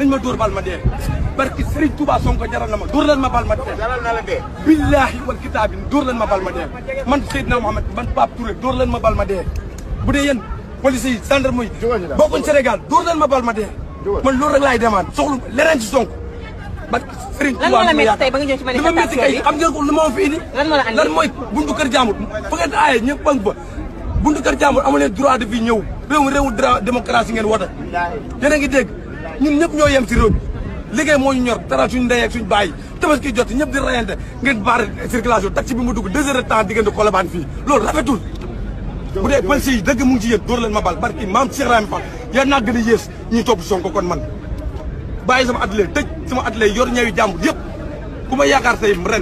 nañ ma dóor bal ma dee barki Serigne Touba Sonko jaral na ma dóor ma bal ma dee. billaahi wal kitaabi dóor leen ma bal ma dee man Seydina Mohamed man Pape Touré dóor leen ma bal ma dee. bu dee yéen police yi gendarme Sénégal dóor leen ma bal ma dee. man loolu rek laay demaat soxlu Sonko. barki Serigne Touba lan moo la métti tey ba nga ñëw lu ma fi indi. lan moo la andi lan mooy buntu kër jaamut fa ngeen aaye ñëpp bank ba buntu kër jaamut amu leen droit de fi ñun ñëpp ñoo yem ci réew mi liggéey moo ñu ñor dara suñ ndey ak suñ bàyyi tabaski jot ñëpp di rayante ngeen barre circulation taxi bi mu dugg deux heures de temps diggante Colobane fii loolu rafetul bu dee policiers yi dëgg mu ngi ci yéen dóor leen ma bal barki maam Cheikh Rahim Fall yéen naa gën a yées ñuy topp Sonko kon man bàyyi sama atelier tëj sama atelier yor ñawi jàmbur yëpp ku ma yaakaar tey ren